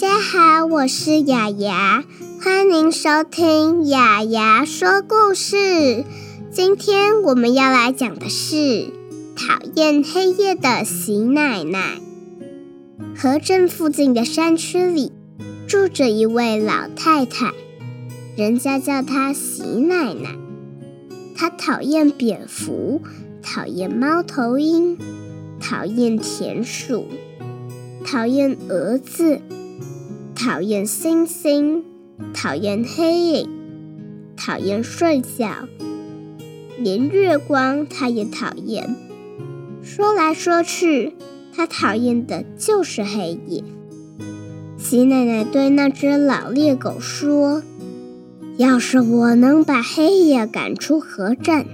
大家好，我是亞亞，歡迎收聽亞亞說故事。今天我們要來講的是討厭黑夜的席奶奶。河鎮附近的山區裡住着一位老太太，人家叫她席奶奶。她討厭蝙蝠，討厭貓頭鷹，討厭田鼠，討厭蛾子。討厭星星，討厭黑影，討厭睡覺，連月光他也討厭。說來說去，他討厭的就是黑夜。席奶奶對那只老獵狗說：“要是我能把黑夜趕出河鎮，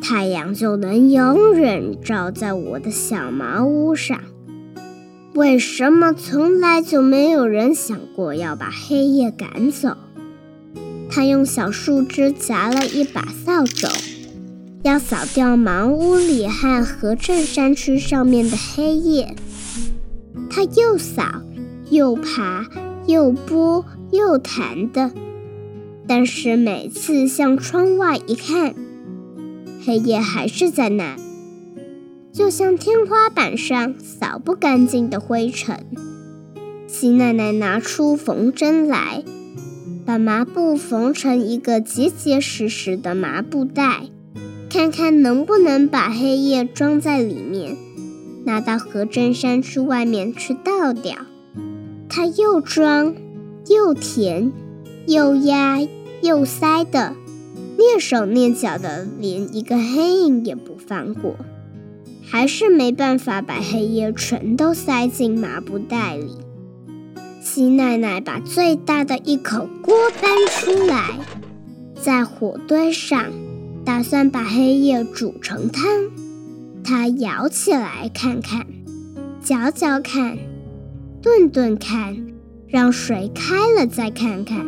太陽就能永遠照在我的小茅屋上。”為什麼從來就沒有人想過要把黑夜趕走？他用小樹枝夾了一把掃帚，要掃掉茅屋裡和鎮山區上面的黑夜。他又掃，又爬，又撥，又彈的，但是每次向窗外一看，黑夜還是在那。就像天花板上掃不乾淨的灰塵。席奶奶拿出縫針來，把麻布縫成一個結結實實的麻布袋，看看能不能把黑夜裝在裡面，拿到河真山去外面去倒掉。她又裝又填又壓又塞的，躡手躡腳的，連一個黑影也不放過，還是沒辦法把黑夜全都塞進麻布袋裡。席奶奶把最大的一口鍋搬出來，在火堆上，打算把黑夜煮成湯。她舀起來看看，嚼嚼看，燉燉看，讓水開了再看看，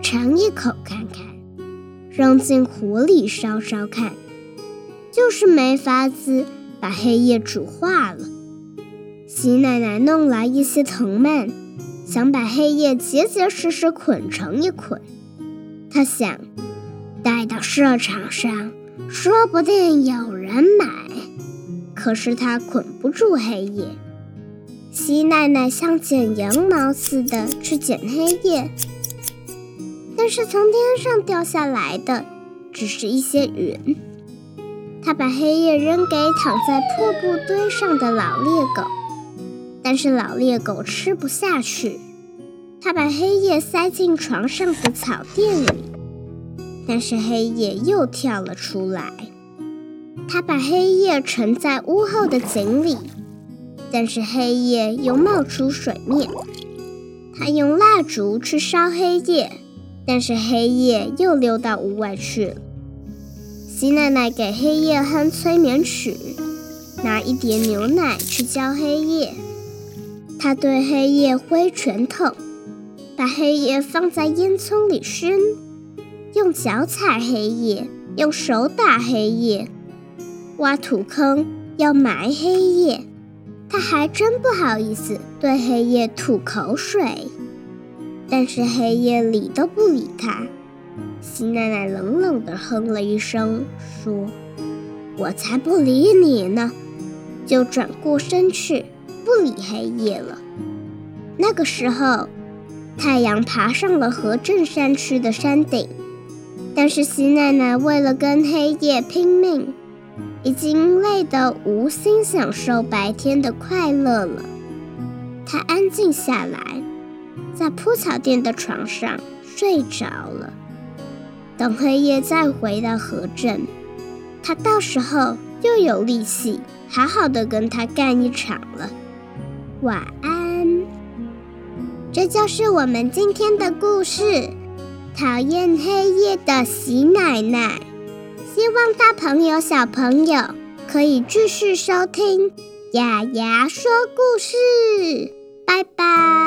嚐一口看看，扔進火裡燒燒看，就是沒法子。把黑夜煮化了。席奶奶弄來一些藤蔓，想把黑夜結結實實捆成一捆。她想帶到市場上，說不定有人買。可是她捆不住黑夜。席奶奶像剪羊毛似的去剪黑夜，但是從天上掉下來的只是一些雲。她把黑夜扔給躺在破布堆上的老獵狗，但是老獵狗吃不下去。她把黑夜塞進床上的草墊裡，但是黑夜又跳了出來。她把黑夜沉在屋後的井裡，但是黑夜又冒出水面。她用蠟燭去燒黑夜，但是黑夜又溜到屋外去了。席奶奶給黑夜哼催眠曲，拿一碟牛奶去澆黑夜，她對黑夜揮拳頭，把黑夜放在煙囪裡燻，用腳踩黑夜，用手打黑夜，挖土坑要埋黑夜，她還真不好意思對黑夜吐口水，但是黑夜理都不理她。席奶奶冷冷地哼了一聲，說：“我才不理你呢！”就轉過身去不理黑夜了。那個時候，太陽爬上了河鎮山區的山頂，但是席奶奶為了跟黑夜拼命，已經累得無心享受白天的快樂了。她安靜下來，在鋪草墊的床上睡着了。等黑夜再回到河鎮，他到時候又有力氣，好好的跟他幹一場了。晚安。這就是我們今天的故事，討厭黑夜的席奶奶。希望大朋友、小朋友可以繼續收聽亞亞說故事。拜拜。